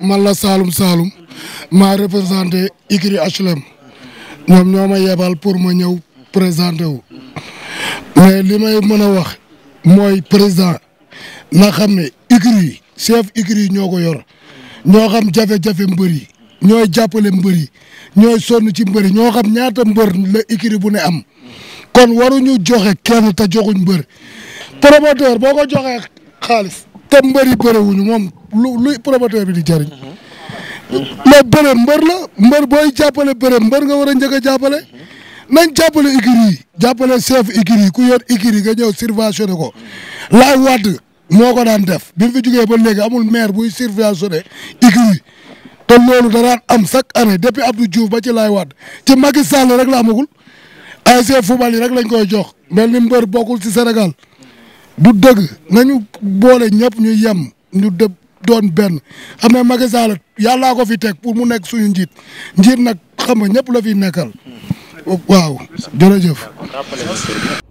man la Saloum Saloum maa représenté Ikri HLM ñoom ñoo ma yebal pour ma ñëw présenté wu mais li may mën a wax mooy président na xam ne Ikri chef Ikri ñoo ko yor ñoo xam jafe-jafe mbër yi ñoo jàppale mbër yi ñooy sonn ci mbër yi ñoo xam ñaata mbër la Ikri bu ne am kon waruñu joxe kenn te joxuñ mbër promoteur boo ko joxe xaalis te mbër yi wuñu moom lu luy bi di jëriñ. mais bëre mbër la mbër booy jàppale bëre mbër nga war a njëkk a jàppale. nañ jàppale écurie yi jàppale chef écurie ku yor écurie yi nga ñëw subventionné ko laay wàdd moo ko daan def bi mu fi jugee ba léegi amul maire buy subventionné écurie yi te loolu daraan am chaque année depuis Abdou Diouf ba ci laay wàdd ci Macky Sall rek la amagul ASC football yi rek lañ ko jox mel ni mbër bokkul ci Sénégal. du dëgg nañu boole ñëpp ñu yem ñu dëb doon benn xam ne Macky Sall yàllaa ko fi teg pour mu nekk suñu njiit njiit nag xam nga ñëpp la fi nekkal hmm. waaw jërëjëf